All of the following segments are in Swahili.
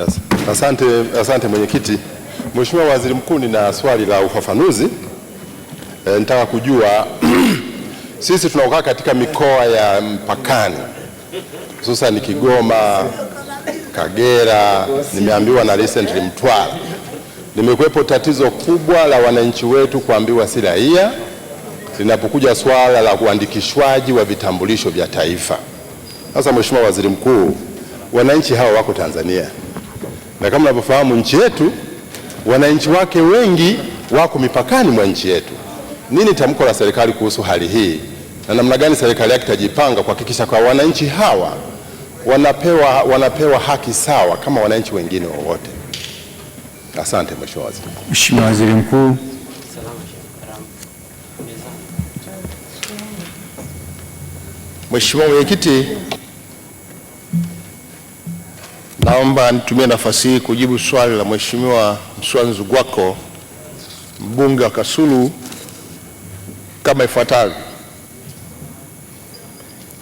Yes. Asante, asante mwenyekiti. Mheshimiwa Waziri Mkuu, nina swali la ufafanuzi. E, nitaka kujua sisi tunaokaa katika mikoa ya mpakani hususan Kigoma, Kagera, nimeambiwa na recently Mtwara, nimekuwepo tatizo kubwa la wananchi wetu kuambiwa si raia linapokuja swala la uandikishwaji wa vitambulisho vya taifa. Sasa Mheshimiwa Waziri Mkuu, wananchi hawa wako Tanzania na kama unavyofahamu nchi yetu wananchi wake wengi wako mipakani mwa nchi yetu. Nini tamko la serikali kuhusu hali hii na namna gani serikali yake itajipanga kuhakikisha kwa wananchi hawa wanapewa, wanapewa haki sawa kama wananchi wengine wowote? Asante Mheshimiwa Waziri. Mheshimiwa Waziri Mkuu. Mheshimiwa Mwenyekiti naomba nitumie nafasi hii kujibu swali la Mheshimiwa Mswanzu Gwako, mbunge wa Kasulu, kama ifuatavyo.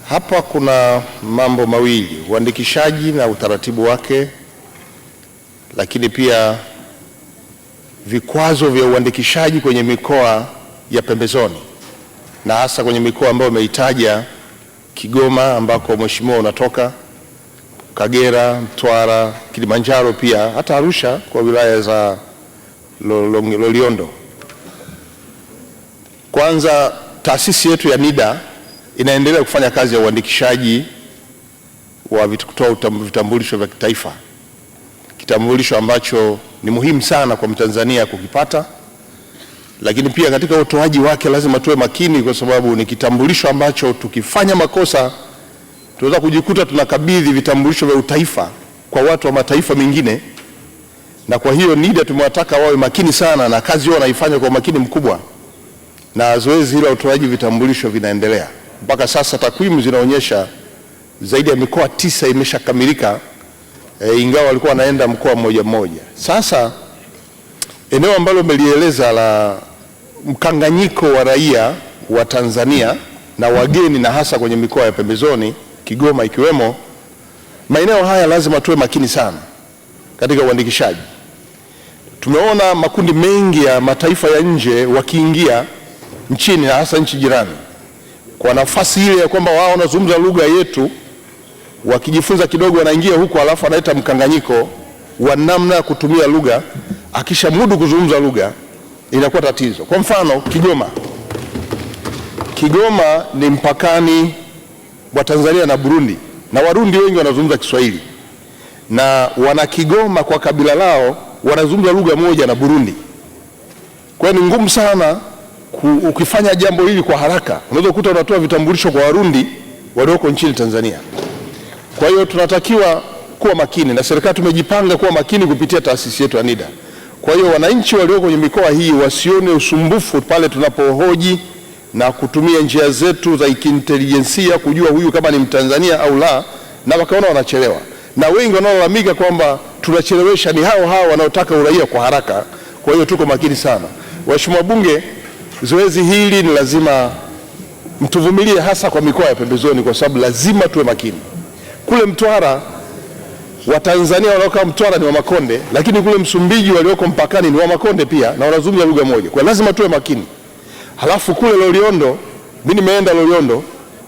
Hapa kuna mambo mawili, uandikishaji na utaratibu wake, lakini pia vikwazo vya uandikishaji kwenye mikoa ya pembezoni na hasa kwenye mikoa ambayo umeitaja, Kigoma ambako mheshimiwa unatoka Kagera, Mtwara, Kilimanjaro, pia hata Arusha kwa wilaya za Loliondo. Kwanza, taasisi yetu ya NIDA inaendelea kufanya kazi ya uandikishaji wa kutoa vitambulisho vya kitaifa, kitambulisho ambacho ni muhimu sana kwa Mtanzania kukipata, lakini pia katika utoaji wake lazima tuwe makini, kwa sababu ni kitambulisho ambacho tukifanya makosa tunaweza kujikuta tunakabidhi vitambulisho vya utaifa kwa watu wa mataifa mengine, na kwa hiyo NIDA tumewataka wawe makini sana na kazi hiyo wanaifanya kwa umakini mkubwa, na zoezi hilo la utoaji vitambulisho vinaendelea. Mpaka sasa takwimu zinaonyesha zaidi ya mikoa tisa imeshakamilika, e, ingawa walikuwa wanaenda mkoa mmoja mmoja. Sasa eneo ambalo umelieleza la mkanganyiko wa raia wa Tanzania na wageni na hasa kwenye mikoa ya pembezoni Kigoma ikiwemo maeneo haya, lazima tuwe makini sana katika uandikishaji. Tumeona makundi mengi ya mataifa ya nje wakiingia nchini na hasa nchi jirani, kwa nafasi ile ya kwamba wao wanazungumza lugha yetu, wakijifunza kidogo wanaingia huku, alafu analeta mkanganyiko wa namna ya kutumia lugha. Akishamudu kuzungumza lugha inakuwa tatizo. Kwa mfano Kigoma, Kigoma ni mpakani wa Tanzania na Burundi na Warundi wengi wanazungumza Kiswahili na Wanakigoma kwa kabila lao wanazungumza lugha moja na Burundi. Kwa ni ngumu sana ku, ukifanya jambo hili kwa haraka unaweza kukuta unatoa vitambulisho kwa Warundi walioko nchini Tanzania. Kwa hiyo tunatakiwa kuwa makini na serikali tumejipanga kuwa makini kupitia taasisi yetu ya NIDA. Kwa hiyo wananchi walioko kwenye mikoa hii wasione usumbufu pale tunapohoji na kutumia njia zetu za kiintelijensia kujua huyu kama ni Mtanzania au la, na wakaona wanachelewa, na wengi wanaolalamika kwamba tunachelewesha ni hao hao wanaotaka uraia kwa haraka. Kwa hiyo tuko makini sana, waheshimiwa bunge, zoezi hili ni lazima mtuvumilie, hasa kwa mikoa ya pembezoni, kwa sababu lazima tuwe makini. Kule Mtwara Watanzania wanaokaa Mtwara ni Wamakonde, lakini kule Msumbiji walioko mpakani ni Makonde pia na wanazungumza lugha moja, kwa lazima tuwe makini. Halafu kule Loliondo, mi nimeenda Loliondo,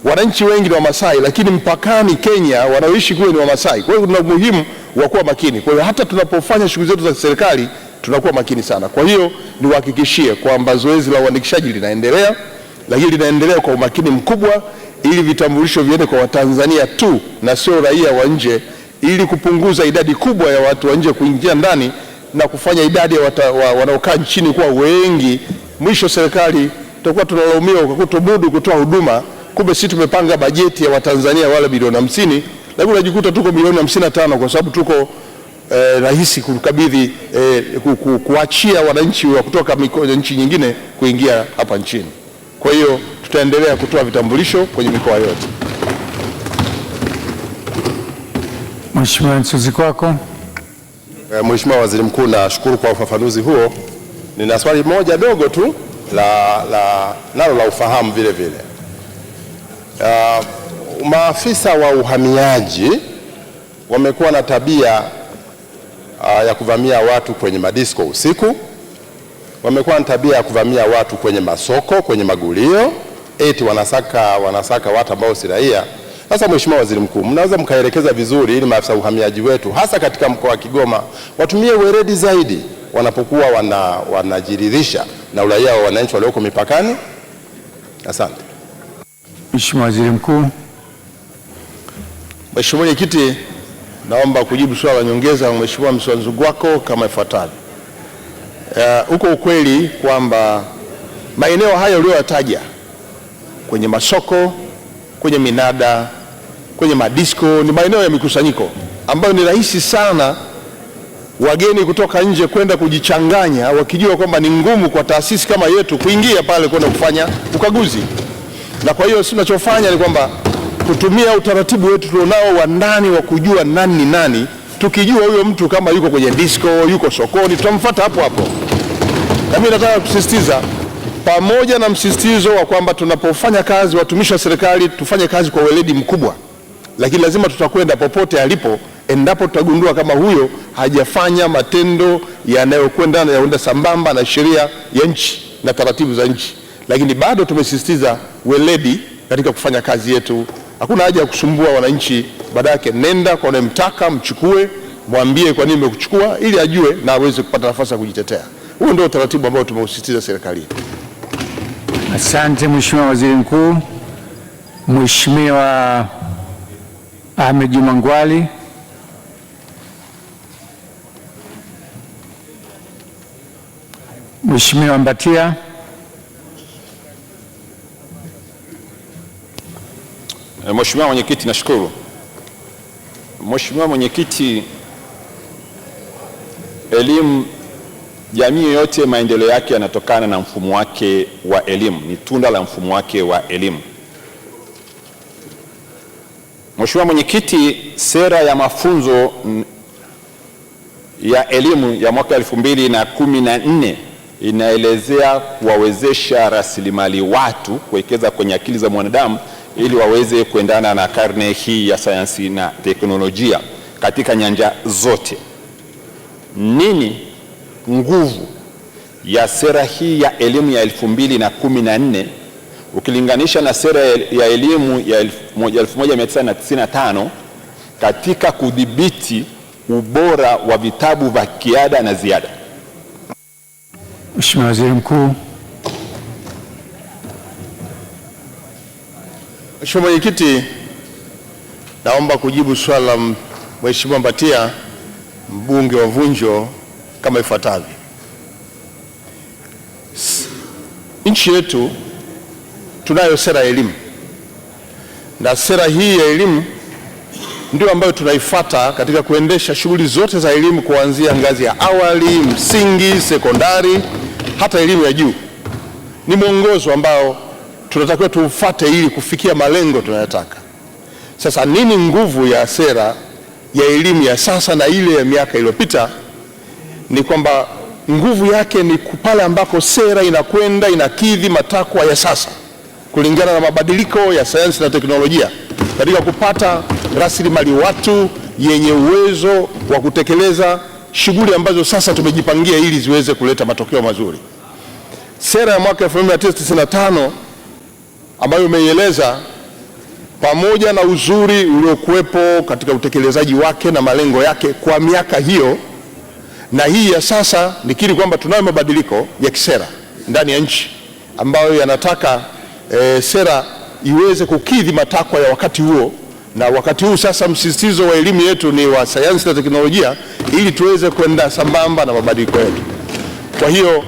wananchi wengi ni Wamasai, lakini mpakani Kenya wanaoishi kule ni Wamasai. Kwa hiyo kuna umuhimu wa kuwa makini. Kwa hiyo hata tunapofanya shughuli zetu za serikali tunakuwa makini sana. Kwa hiyo niwahakikishie kwamba zoezi la uandikishaji linaendelea, lakini linaendelea kwa umakini mkubwa, ili vitambulisho viende kwa Watanzania tu na sio raia wa nje, ili kupunguza idadi kubwa ya watu wa nje kuingia ndani na kufanya idadi ya wa, wanaokaa nchini kuwa wengi, mwisho serikali tutakuwa tunalaumiwa kwa kutobudu kutoa huduma, kumbe sisi tumepanga bajeti ya Watanzania wala bilioni hamsini, lakini unajikuta tuko bilioni hamsini na tano kwa sababu tuko eh, rahisi kukabidhi eh, kuachia wananchi wa kutoka nchi nyingine kuingia hapa nchini. Kwa hiyo tutaendelea kutoa vitambulisho kwenye mikoa yote. Mheshimiwa Msuzi, kwako. Eh, Mheshimiwa Waziri Mkuu, nashukuru kwa ufafanuzi huo. Nina swali moja dogo tu la, la, nalo la ufahamu vile vile. Uh, maafisa wa uhamiaji wamekuwa na tabia uh, ya kuvamia watu kwenye madisko usiku. Wamekuwa na tabia ya kuvamia watu kwenye masoko, kwenye magulio, eti wanasaka, wanasaka watu ambao si raia. Sasa Mheshimiwa Waziri Mkuu, mnaweza mkaelekeza vizuri ili maafisa uhamiaji wetu hasa katika mkoa wa Kigoma watumie weledi zaidi wanapokuwa wanajiridhisha wana na uraia wa wananchi walioko mipakani. Asante. Mheshimiwa Waziri Mkuu. Mheshimiwa Mwenyekiti, naomba kujibu swali la nyongeza Mheshimiwa Msanzugwako kama ifuatavyo. Huko eh, uh, ukweli kwamba maeneo hayo uliyoyataja kwenye masoko, kwenye minada, kwenye madisko ni maeneo ya mikusanyiko ambayo ni rahisi sana wageni kutoka nje kwenda kujichanganya, wakijua kwamba ni ngumu kwa taasisi kama yetu kuingia pale kwenda kufanya ukaguzi. Na kwa hiyo si tunachofanya ni kwamba kutumia utaratibu wetu tulionao wa ndani wa kujua nani ni nani. Tukijua huyo mtu kama yuko kwenye disco, yuko sokoni, tutamfuata hapo hapo. Na mimi nataka kusisitiza, pamoja na msisitizo wa kwamba tunapofanya kazi watumishi wa serikali tufanye kazi kwa weledi mkubwa, lakini lazima tutakwenda popote alipo endapo tutagundua kama huyo hajafanya matendo yanayokwenda yanayoenda sambamba na sheria ya nchi na taratibu za nchi. Lakini bado tumesisitiza weledi katika kufanya kazi yetu. Hakuna haja ya kusumbua wananchi, baada yake nenda kwa unayemtaka, mchukue, mwambie kwa nini umekuchukua, ili ajue na aweze kupata nafasi ya kujitetea. Huo ndio utaratibu ambao tumeusisitiza serikalini. Asante Mheshimiwa Waziri Mkuu. Mheshimiwa Ahmed Juma Ngwali. Mheshimiwa Mbatia, eh, Mheshimiwa Mwenyekiti, nashukuru. Mheshimiwa Mwenyekiti, elimu, jamii yoyote maendeleo yake yanatokana na mfumo wake wa elimu, ni tunda la mfumo wake wa elimu. Mheshimiwa Mwenyekiti, sera ya mafunzo ya elimu ya mwaka 2014 inaelezea kuwawezesha rasilimali watu kuwekeza kwenye akili za mwanadamu ili waweze kuendana na karne hii ya sayansi na teknolojia katika nyanja zote. Nini nguvu ya sera hii ya elimu ya elfu mbili na kumi na nne ukilinganisha na sera ya elimu ya 1995 katika kudhibiti ubora wa vitabu vya kiada na ziada? Mheshimiwa Waziri Mkuu. Mheshimiwa Mwenyekiti, naomba kujibu swali la Mheshimiwa Mbatia mbunge wa Vunjo kama ifuatavyo. Nchi yetu tunayo sera ya elimu na sera hii ya elimu ndio ambayo tunaifata katika kuendesha shughuli zote za elimu kuanzia ngazi ya awali, msingi, sekondari, hata elimu ya juu. Ni mwongozo ambao tunatakiwa tuufate ili kufikia malengo tunayotaka. Sasa nini nguvu ya sera ya elimu ya sasa na ile ya miaka iliyopita? Ni kwamba nguvu yake ni pale ambako sera inakwenda inakidhi matakwa ya sasa kulingana na mabadiliko ya sayansi na teknolojia katika kupata rasilimali watu yenye uwezo wa kutekeleza shughuli ambazo sasa tumejipangia ili ziweze kuleta matokeo mazuri. Sera ya mwaka 1995 ambayo umeieleza pamoja na uzuri uliokuwepo katika utekelezaji wake na malengo yake kwa miaka hiyo na hii ya sasa, nikiri kwamba tunayo mabadiliko ya kisera ndani ya nchi ambayo yanataka e, sera iweze kukidhi matakwa ya wakati huo, na wakati huu sasa msisitizo wa elimu yetu ni wa sayansi na teknolojia, ili tuweze kwenda sambamba na mabadiliko yetu. Kwa hiyo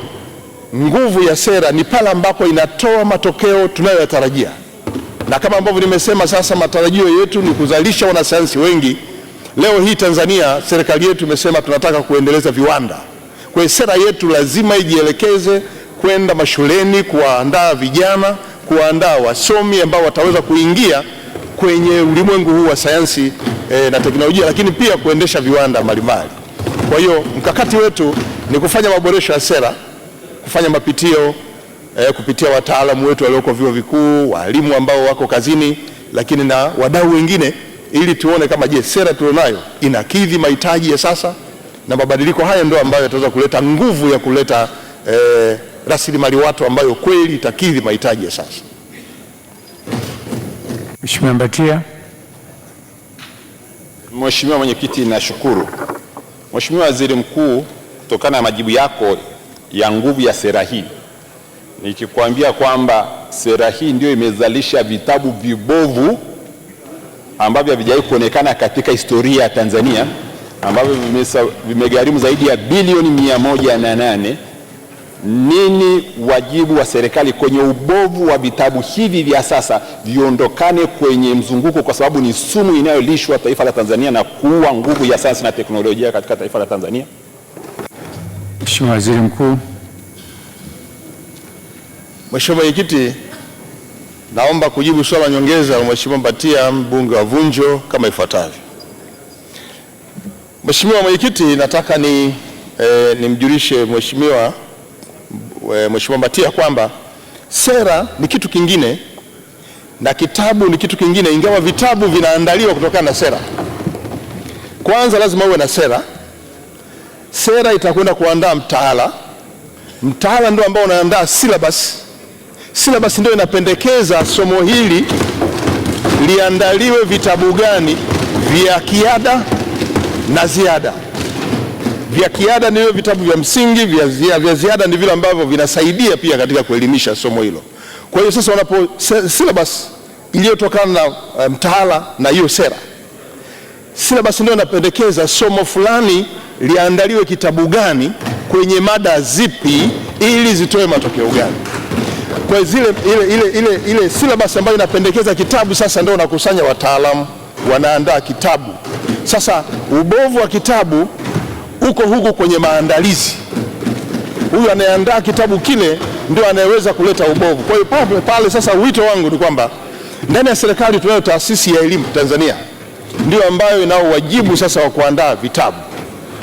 nguvu ya sera ni pale ambapo inatoa matokeo tunayoyatarajia, na kama ambavyo nimesema, sasa matarajio yetu ni kuzalisha wanasayansi wengi. Leo hii Tanzania, serikali yetu imesema tunataka kuendeleza viwanda. Kwa hiyo sera yetu lazima ijielekeze kwenda mashuleni kuwaandaa vijana kuandaa wasomi ambao wataweza kuingia kwenye ulimwengu huu wa sayansi e, na teknolojia, lakini pia kuendesha viwanda mbalimbali. Kwa hiyo mkakati wetu ni kufanya maboresho ya sera, kufanya mapitio e, kupitia wataalamu wetu walioko vyuo vikuu, walimu ambao wako kazini, lakini na wadau wengine, ili tuone kama je, sera tulionayo inakidhi mahitaji ya sasa, na mabadiliko haya ndio ambayo yataweza kuleta nguvu ya kuleta e, rasilimali watu ambayo kweli itakidhi mahitaji ya sasa. Mheshimiwa Mbatia. Mheshimiwa Mwenyekiti, nashukuru. Mheshimiwa Waziri Mkuu, kutokana na majibu yako ya nguvu ya sera hii, nikikwambia kwamba sera hii ndio imezalisha vitabu vibovu ambavyo havijawahi kuonekana katika historia ya Tanzania ambavyo vimegharimu zaidi ya bilioni mia moja na nane nini wajibu wa serikali kwenye ubovu wa vitabu hivi vya sasa, viondokane kwenye mzunguko, kwa sababu ni sumu inayolishwa taifa la Tanzania na kuua nguvu ya sayansi na teknolojia katika taifa la Tanzania. Mheshimiwa Waziri Mkuu. Mheshimiwa Mwenyekiti, naomba kujibu swala nyongeza la Mheshimiwa Mbatia, mbunge wa Vunjo, kama ifuatavyo. Mheshimiwa Mwenyekiti, nataka ni eh, nimjulishe Mheshimiwa Mheshimiwa Mbatia kwamba sera ni kitu kingine na kitabu ni kitu kingine, ingawa vitabu vinaandaliwa kutokana na sera. Kwanza lazima uwe na sera. Sera itakwenda kuandaa mtaala, mtaala ndio ambao unaandaa syllabus. Syllabus ndio inapendekeza somo hili liandaliwe vitabu gani vya kiada na ziada. Vya kiada ni hiyo vitabu vya msingi, vya ziada ni vile ambavyo vinasaidia pia katika kuelimisha somo hilo. Kwa hiyo sasa wanapo syllabus iliyotokana na eh, mtaala um, na hiyo sera syllabus ndio inapendekeza somo fulani liandaliwe kitabu gani kwenye mada zipi ili zitoe matokeo gani. Kwa zile ile, ile, ile, ile syllabus ambayo inapendekeza kitabu sasa ndio unakusanya wataalamu wanaandaa kitabu. Sasa ubovu wa kitabu huko huko kwenye maandalizi. Huyu anayeandaa kitabu kile ndio anayeweza kuleta ubovu. Kwa hiyo pale pale sasa, wito wangu ni kwamba ndani ya serikali tunayo taasisi ya elimu Tanzania, ndio ambayo inao wajibu sasa wa kuandaa vitabu,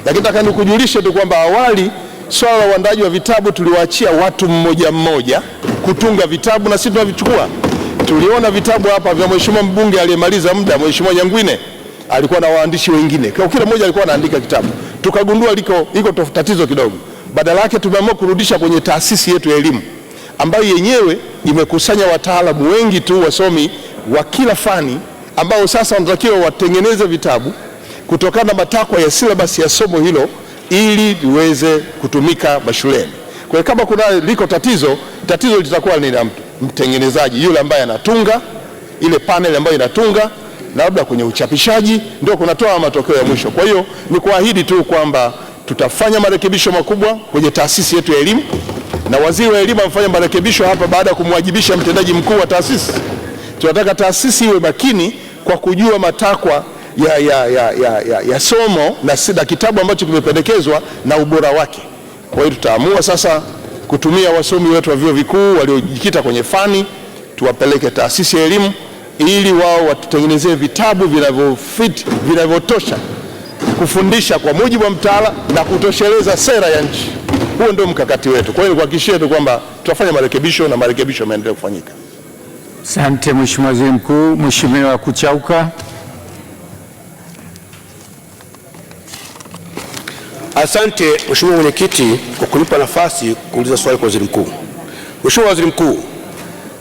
lakini nataka nikujulishe tu kwamba awali swala la uandaji wa vitabu tuliwaachia watu mmoja mmoja kutunga vitabu, na sisi tunavichukua. Tuliona vitabu hapa vya mheshimiwa mbunge aliyemaliza muda, mheshimiwa Nyangwine alikuwa na waandishi wengine, kwa kila mmoja alikuwa anaandika kitabu tukagundua liko iko tatizo kidogo. Badala yake tumeamua kurudisha kwenye taasisi yetu ya elimu ambayo yenyewe imekusanya wataalamu wengi tu wasomi wa kila fani ambao sasa wanatakiwa watengeneze vitabu kutokana na matakwa ya silabasi ya somo hilo ili viweze kutumika mashuleni. Kwa hiyo kama kuna liko tatizo, tatizo litakuwa ni la mtengenezaji yule ambaye anatunga ile panel ambayo inatunga labda kwenye uchapishaji ndio kunatoa matokeo ya mwisho. Kwa hiyo ni kuahidi tu kwamba tutafanya marekebisho makubwa kwenye taasisi yetu ya elimu, na waziri wa elimu amefanya marekebisho hapa baada ya kumwajibisha mtendaji mkuu wa taasisi. Tunataka taasisi iwe makini kwa kujua matakwa ya, ya, ya, ya, ya, ya somo na, na kitabu ambacho kimependekezwa na ubora wake. Kwa hiyo tutaamua sasa kutumia wasomi wetu wa vyuo vikuu waliojikita kwenye fani tuwapeleke taasisi ya elimu ili wao watutengenezee vitabu vinavyofit vinavyotosha kufundisha kwa mujibu wa mtaala na kutosheleza sera ya nchi. Huo ndio mkakati wetu. Kwa hiyo nikuhakikishie tu kwamba tutafanya marekebisho na marekebisho yameendelea kufanyika. Asante Mheshimiwa Waziri Mkuu. Mheshimiwa Kuchauka. Asante Mheshimiwa Mwenyekiti kwa kunipa nafasi kuuliza swali kwa Waziri Mkuu. Mheshimiwa Waziri Mkuu,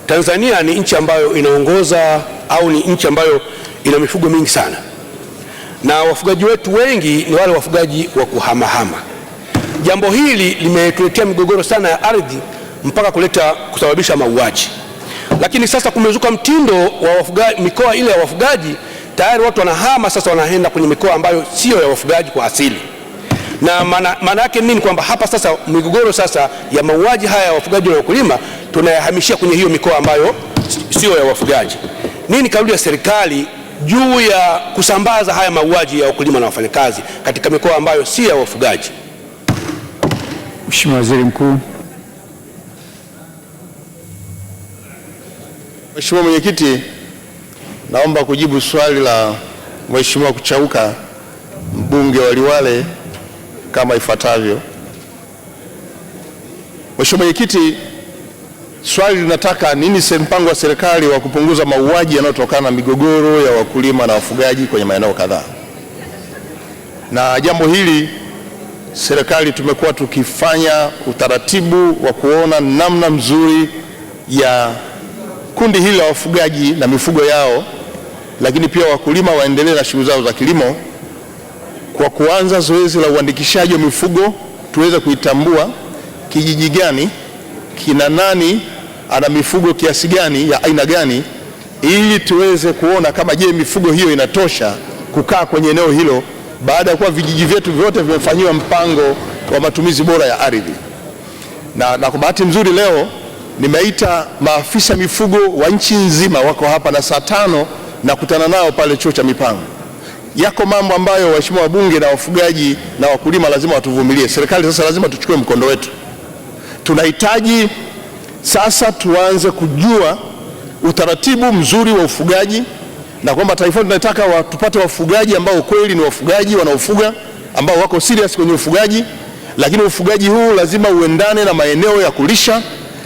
Tanzania ni nchi ambayo inaongoza au ni nchi ambayo ina mifugo mingi sana, na wafugaji wetu wengi ni wale wafugaji wa kuhamahama. Jambo hili limetuletea migogoro sana ya ardhi mpaka kuleta kusababisha mauaji. Lakini sasa kumezuka mtindo wa wafugaji, mikoa ile ya wafugaji tayari watu wanahama sasa, wanaenda kwenye mikoa ambayo siyo ya wafugaji kwa asili na maana yake nini? Kwamba hapa sasa migogoro sasa ya mauaji haya ya wafugaji na wakulima tunayahamishia kwenye hiyo mikoa ambayo sio ya wafugaji. Nini kauli ya serikali juu ya kusambaza haya mauaji ya wakulima na wafanyakazi katika mikoa ambayo si ya wafugaji? Mheshimiwa Waziri Mkuu. Mheshimiwa Mwenyekiti, naomba kujibu swali la Mheshimiwa Kuchauka mbunge wa Liwale kama ifuatavyo Mheshimiwa Mwenyekiti, swali linataka nini mpango wa serikali wa kupunguza mauaji yanayotokana na migogoro ya wakulima na wafugaji kwenye maeneo kadhaa. Na jambo hili serikali tumekuwa tukifanya utaratibu wa kuona namna mzuri ya kundi hili la wafugaji na mifugo yao, lakini pia wakulima waendelee na shughuli zao za kilimo kwa kuanza zoezi la uandikishaji wa mifugo tuweze kuitambua kijiji gani kina nani, ana mifugo kiasi gani ya aina gani, ili tuweze kuona kama je, mifugo hiyo inatosha kukaa kwenye eneo hilo, baada ya kuwa vijiji vyetu vyote vimefanyiwa mpango wa matumizi bora ya ardhi. Na, na kwa bahati nzuri leo nimeita maafisa mifugo wa nchi nzima wako hapa, na saa tano nakutana nao pale chuo cha mipango. Yako mambo ambayo waheshimiwa wabunge na wafugaji na wakulima lazima watuvumilie. Serikali sasa lazima tuchukue mkondo wetu. Tunahitaji sasa tuanze kujua utaratibu mzuri wa ufugaji na kwamba taifa tunataka tupate wafugaji ambao kweli ni wafugaji wanaofuga, ambao wako serious kwenye ufugaji, lakini ufugaji huu lazima uendane na maeneo ya kulisha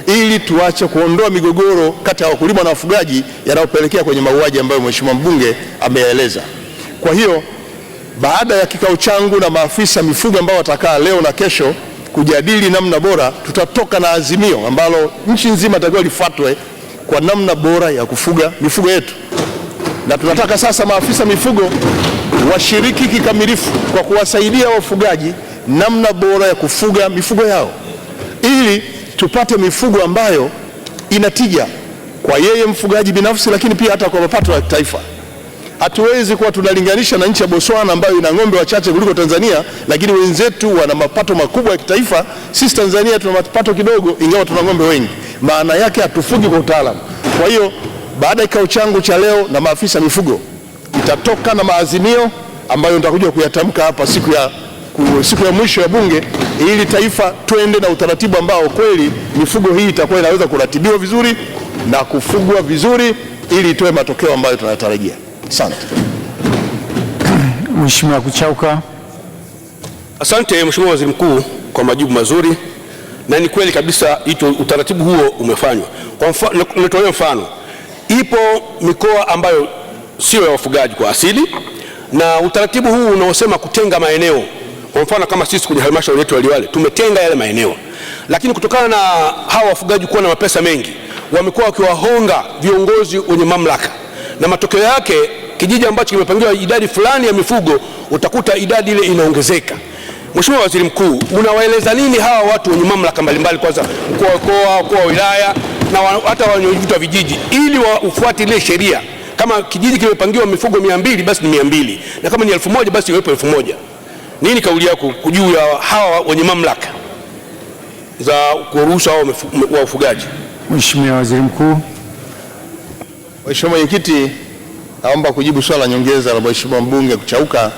ili tuache kuondoa migogoro kati ya wakulima na wafugaji yanayopelekea kwenye mauaji ambayo mheshimiwa mbunge ameyaeleza. Kwa hiyo baada ya kikao changu na maafisa mifugo ambao watakaa leo na kesho kujadili namna bora, tutatoka na azimio ambalo nchi nzima itakiwa lifuatwe kwa namna bora ya kufuga mifugo yetu, na tunataka sasa maafisa mifugo washiriki kikamilifu kwa kuwasaidia wafugaji namna bora ya kufuga mifugo yao ili tupate mifugo ambayo inatija kwa yeye mfugaji binafsi, lakini pia hata kwa mapato ya taifa. Hatuwezi kuwa tunalinganisha na nchi ya Botswana ambayo ina ng'ombe wachache kuliko Tanzania, lakini wenzetu wana mapato makubwa ya kitaifa. Sisi Tanzania tuna mapato kidogo, ingawa tuna ng'ombe wengi. Maana yake hatufugi kwa utaalamu. Kwa hiyo baada ya kikao changu cha leo na maafisa mifugo, itatoka na maazimio ambayo nitakuja kuyatamka hapa siku ya, siku ya mwisho ya Bunge, ili taifa twende na utaratibu ambao kweli mifugo hii itakuwa inaweza kuratibiwa vizuri na kufugwa vizuri ili itoe matokeo ambayo tunatarajia. Asante. Mheshimiwa Kuchauka. Asante Mheshimiwa Waziri Mkuu kwa majibu mazuri, na ni kweli kabisa ito, utaratibu huo umefanywa. Kwa mfano, nimetolea mfano, ipo mikoa ambayo sio ya wafugaji kwa asili, na utaratibu huu unaosema kutenga maeneo, kwa mfano kama sisi kwenye halmashauri yetu ya Liwale tumetenga yale maeneo, lakini kutokana na hawa wafugaji kuwa na mapesa mengi, wamekuwa wakiwahonga viongozi wenye mamlaka na matokeo yake kijiji ambacho kimepangiwa idadi fulani ya mifugo utakuta idadi ile inaongezeka. Mheshimiwa Waziri Mkuu, unawaeleza nini hawa watu wenye mamlaka mbalimbali, kwanza mkuu wa mkoa, mkuu wa wilaya na hata wenyeviti wa vijiji, ili ile sheria? Kama kijiji kimepangiwa mifugo mia mbili basi ni mia mbili na kama ni elfu moja basi iwepo elfu moja Nini kauli yako juu ya hawa wenye mamlaka za kuruhusu hao wa ufugaji? Mheshimiwa Waziri Mkuu. Mheshimiwa Mwenyekiti, naomba kujibu swala nyongeza la Mheshimiwa mbunge Kuchauka,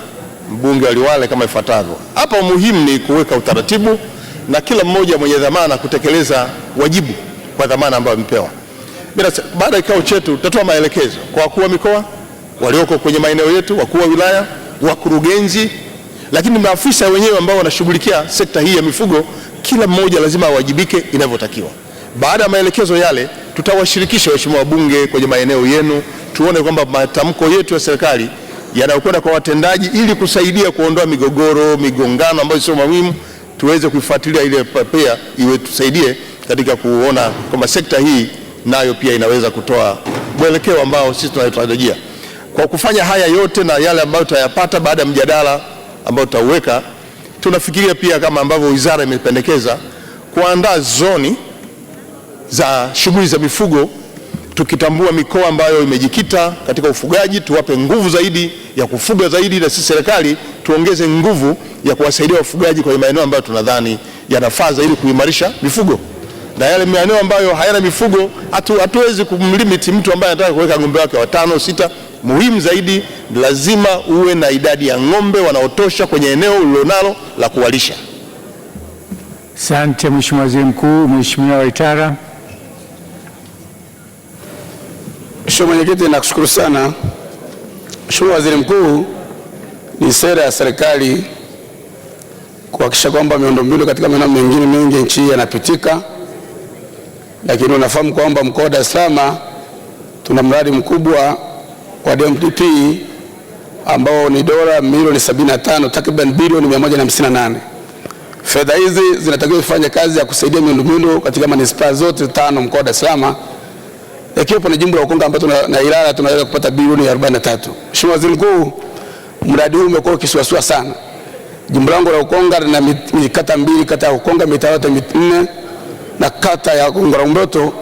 mbunge wa Liwale kama ifuatavyo. Hapa umuhimu ni kuweka utaratibu na kila mmoja mwenye dhamana kutekeleza wajibu kwa dhamana ambayo amepewa. Baada ya kikao chetu tutatoa maelekezo kwa wakuu wa mikoa walioko kwenye maeneo yetu, wakuu wa wilaya, wakurugenzi, lakini maafisa wenyewe ambao wanashughulikia sekta hii ya mifugo, kila mmoja lazima awajibike inavyotakiwa. Baada ya maelekezo yale, tutawashirikisha waheshimiwa wabunge kwenye maeneo yenu, tuone kwamba matamko yetu ya serikali yanayokwenda kwa watendaji, ili kusaidia kuondoa migogoro, migongano ambayo sio muhimu, tuweze kuifuatilia ile pia iwe tusaidie katika kuona kwamba sekta hii nayo pia inaweza kutoa mwelekeo ambao sisi tunayotarajia. Kwa kufanya haya yote na yale ambayo tutayapata baada ya mjadala ambao tutauweka, tunafikiria pia kama ambavyo wizara imependekeza kuandaa zoni za shughuli za mifugo, tukitambua mikoa ambayo imejikita katika ufugaji, tuwape nguvu zaidi ya kufuga zaidi, na sisi serikali tuongeze nguvu ya kuwasaidia wafugaji kwenye maeneo ambayo tunadhani yanafaa zaidi kuimarisha mifugo, na yale maeneo ambayo hayana mifugo hatuwezi kumlimiti mtu ambaye anataka kuweka ng'ombe wake watano sita. Muhimu zaidi lazima uwe na idadi ya ng'ombe wanaotosha kwenye eneo ulilonalo la kuwalisha. Asante Mheshimiwa Waziri Mkuu. Mheshimiwa Waitara. Mheshimiwa Mwenyekiti, nakushukuru sana. Mheshimiwa Waziri Mkuu, ni sera ya serikali kuhakikisha kwamba miundombinu katika maeneo mengine mengi nchi hii yanapitika, lakini unafahamu kwamba mkoa wa Dar es Salaam tuna mradi mkubwa wa DMDP ambao ni dola milioni 75 takriban bilioni 158. Fedha hizi zinatakiwa kufanya kazi ya kusaidia miundombinu katika manispaa zote tano mkoa wa Dar es Salaam lakini na jimbo la Ukonga ambapo na, na Ilala tunaweza kupata bilioni 43. Mheshimiwa Waziri Mkuu, mradi huu umekuwa ukisuasua sana. Jimbo langu la Ukonga lina kata mbili, kata ya Ukonga mitawata minne na kata ya Gongo Mboto.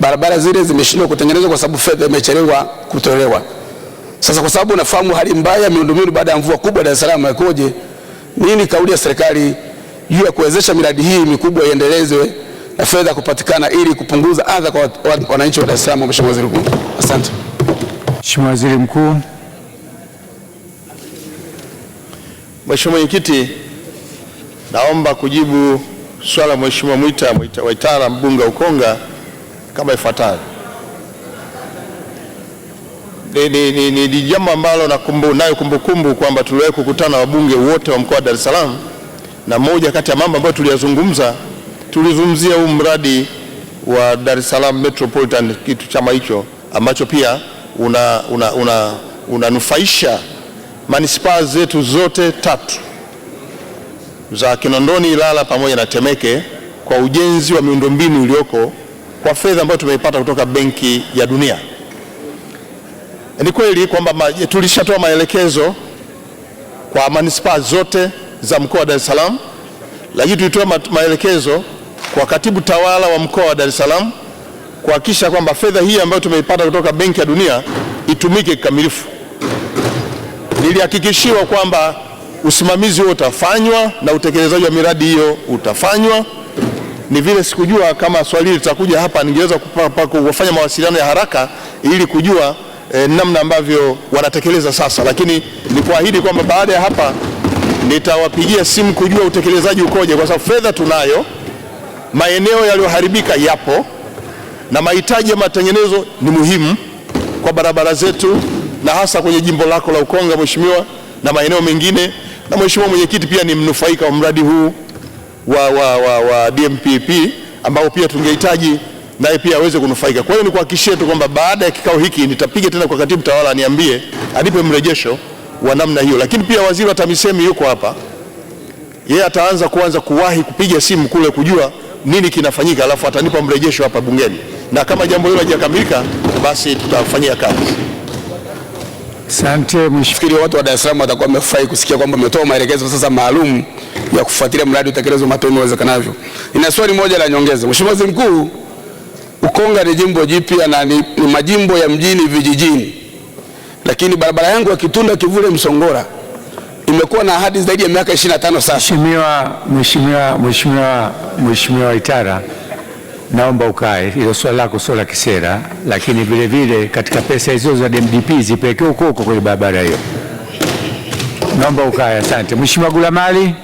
Barabara zile zimeshindwa kutengenezwa kwa sababu fedha imechelewa kutolewa. Sasa kwa sababu nafahamu hali mbaya miundombinu baada ya mvua kubwa Dar es Salaam ikoje, nini kauli ya serikali juu ya kuwezesha miradi hii mikubwa iendelezwe? na fedha kupatikana ili kupunguza adha kwa wananchi wa Dar es Salaam. Mheshimiwa Waziri Mkuu, asante. Mheshimiwa Waziri Mkuu. Mheshimiwa Mwenyekiti, naomba kujibu swala Mheshimiwa Mwita Waitara mbunge Ukonga kama ifuatavyo. Ni, ni, ni, ni, ni jambo ambalo nakumbu, nayo kumbukumbu kwamba tuliwahi kukutana wabunge wote wa mkoa wa Dar es Salaam na moja kati ya mambo ambayo tuliyazungumza tulizungumzia huu mradi wa Dar es Salaam Metropolitan, kitu chama hicho ambacho pia unanufaisha una, una, una manispaa zetu zote tatu za Kinondoni, Ilala pamoja na Temeke kwa ujenzi wa miundombinu iliyoko kwa fedha ambayo tumeipata kutoka Benki ya Dunia. Ni kweli kwamba tulishatoa maelekezo kwa manispaa zote za mkoa wa Dar es Salaam, lakini tulitoa maelekezo kwa katibu tawala wa mkoa wa Dar es Salaam kuhakikisha kwamba fedha hii ambayo tumeipata kutoka Benki ya Dunia itumike kikamilifu. Nilihakikishiwa kwamba usimamizi huo utafanywa na utekelezaji wa miradi hiyo utafanywa. Ni vile sikujua kama swali hili litakuja hapa, ningeweza kufanya mawasiliano ya haraka ili kujua eh, namna ambavyo wanatekeleza sasa, lakini nikuahidi kwamba baada ya hapa nitawapigia simu kujua utekelezaji ukoje, kwa sababu fedha tunayo Maeneo yaliyoharibika yapo na mahitaji ya matengenezo ni muhimu kwa barabara zetu na hasa kwenye jimbo lako la Ukonga mheshimiwa, na maeneo mengine. Na mheshimiwa mwenyekiti, pia ni mnufaika wa mradi huu wa, wa, wa, wa DMPP ambao pia tungehitaji naye pia aweze kunufaika. Kwa hiyo nikuhakikishie tu kwamba baada ya kikao hiki nitapiga tena kwa katibu tawala aniambie, anipe mrejesho wa namna hiyo. Lakini pia waziri wa TAMISEMI yuko hapa, yeye ataanza kuanza kuwahi kupiga simu kule kujua nini kinafanyika, alafu atanipa mrejesho hapa bungeni, na kama jambo hilo hajakamilika basi tutafanyia kazi. Asante mheshimiwa. Fikiri watu wa Dar es Salaam watakuwa wamefurahi kusikia kwamba umetoa maelekezo sasa maalum ya kufuatilia mradi utekelezwe mapema iwezekanavyo. ina swali moja la nyongeza, Mheshimiwa Waziri Mkuu, Ukonga ni jimbo jipya na ni, ni majimbo ya mjini vijijini, lakini barabara yangu ya Kitunda Kivule Msongora kuwa na ahadi zaidi ya miaka 25 sasa. Mheshimiwa, Mheshimiwa, Mheshimiwa, Mheshimiwa Itara, naomba ukae. Hilo swala lako sio la kisera, lakini vile vile katika pesa hizo za DMDP zipelekee huko huko kwenye barabara hiyo. Naomba ukae, asante. Mheshimiwa Gulamali.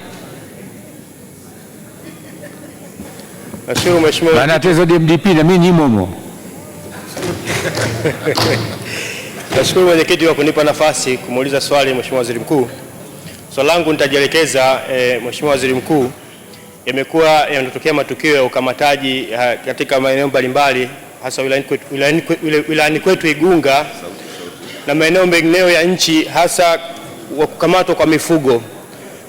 Nashukuru Mheshimiwa. Bana tezo DMDP na mimi ni momo. Nashukuru mwenyekiti kwa kunipa nafasi kumuuliza swali Mheshimiwa Waziri Mkuu. Swali so langu nitajielekeza e, Mheshimiwa Waziri Mkuu, yamekuwa yanatokea matukio ya ukamataji ha, eh, katika maeneo mbalimbali hasa wilayani kwetu, wilayani kwetu, wilayani kwetu Igunga na maeneo mengineo ya nchi hasa wa kukamatwa kwa mifugo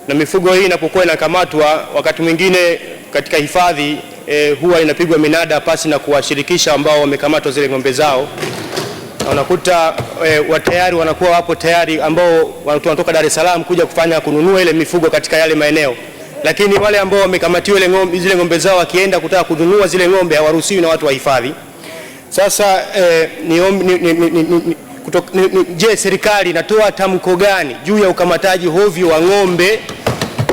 na mifugo hii inapokuwa inakamatwa wakati mwingine katika hifadhi e, huwa inapigwa minada pasi na kuwashirikisha ambao wamekamatwa zile ng'ombe zao unakuta e, tayari wanakuwa wapo tayari ambao wanatoka Dar es Salaam kuja kufanya kununua ile mifugo katika yale maeneo, lakini wale ambao wamekamatiwa ile ng'ombe, zile ng'ombe zao wakienda kutaka kununua zile ng'ombe hawaruhusiwi na watu wa hifadhi. Sasa e, ni, ni, ni, ni, ni, ni, ni, je, serikali inatoa tamko gani juu ya ukamataji hovyo wa ng'ombe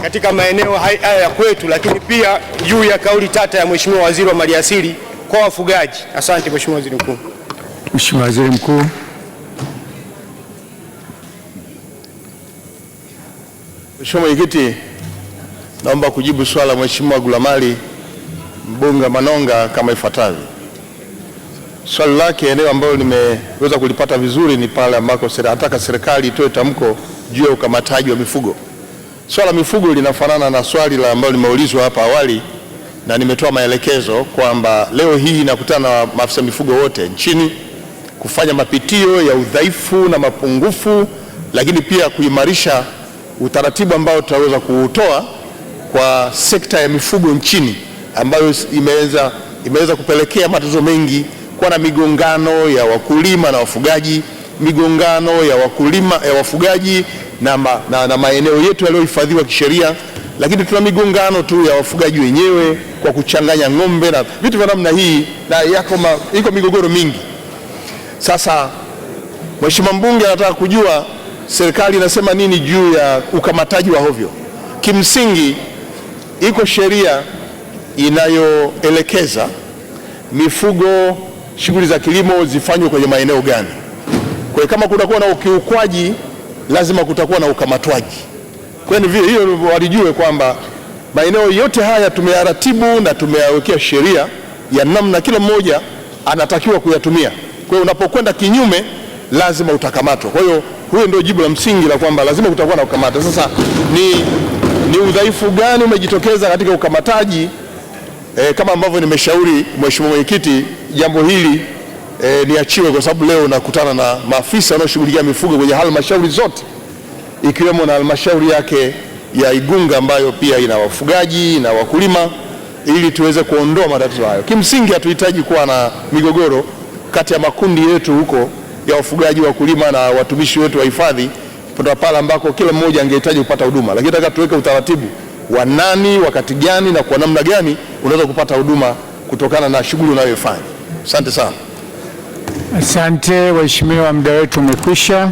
katika maeneo haya ya kwetu, lakini pia juu ya kauli tata ya Mheshimiwa Waziri wa Maliasili kwa wafugaji? Asante Mheshimiwa Waziri Mkuu. Mheshimiwa Waziri Mkuu, Mheshimiwa Mwenyekiti, naomba kujibu swala la Mheshimiwa Gulamali Mbunga Manonga kama ifuatavyo. Swali lake, eneo ambalo nimeweza kulipata vizuri ni pale ambako anataka serikali itoe tamko juu ya ukamataji wa mifugo. Swala la mifugo linafanana na swali la ambalo limeulizwa hapa awali na nimetoa maelekezo kwamba leo hii nakutana na maafisa mifugo wote nchini kufanya mapitio ya udhaifu na mapungufu, lakini pia kuimarisha utaratibu ambao tutaweza kuutoa kwa sekta ya mifugo nchini ambayo imeweza, imeweza kupelekea matatizo mengi kuwa na migongano ya wakulima na wafugaji, migongano ya wakulima ya wafugaji na, ma, na, na maeneo yetu yaliyohifadhiwa kisheria, lakini tuna migongano tu ya wafugaji wenyewe kwa kuchanganya ng'ombe na vitu vya namna hii, na yako ma, iko migogoro mingi. Sasa mheshimiwa mbunge anataka kujua serikali inasema nini juu ya ukamataji wa hovyo. Kimsingi iko sheria inayoelekeza mifugo, shughuli za kilimo zifanywe kwenye maeneo gani. Kwa hiyo kama kutakuwa na ukiukwaji, lazima kutakuwa na ukamatwaji. Kwa hiyo hiyo walijue kwamba maeneo yote haya tumeyaratibu na tumeyawekea sheria ya namna kila mmoja anatakiwa kuyatumia. Kwa hiyo unapokwenda kinyume lazima utakamatwa. Kwa hiyo huyo ndio jibu la msingi la kwamba lazima kutakuwa na ukamata. Sasa ni, ni udhaifu gani umejitokeza katika ukamataji? E, kama ambavyo nimeshauri Mheshimiwa Mwenyekiti, jambo hili e, niachiwe kwa sababu leo nakutana na maafisa wanaoshughulikia mifugo kwenye halmashauri zote ikiwemo na halmashauri yake ya Igunga ambayo pia ina wafugaji na wakulima ili tuweze kuondoa matatizo hayo. Kimsingi hatuhitaji kuwa na migogoro kati ya makundi yetu huko ya wafugaji, wakulima na watumishi wetu wa hifadhi pale ambako kila mmoja angehitaji kupata huduma, lakini nataka tuweke utaratibu wa nani wakati gani na kwa namna gani unaweza kupata huduma kutokana na shughuli unayoifanya. Asante sana. Asante waheshimiwa, muda wetu umekwisha.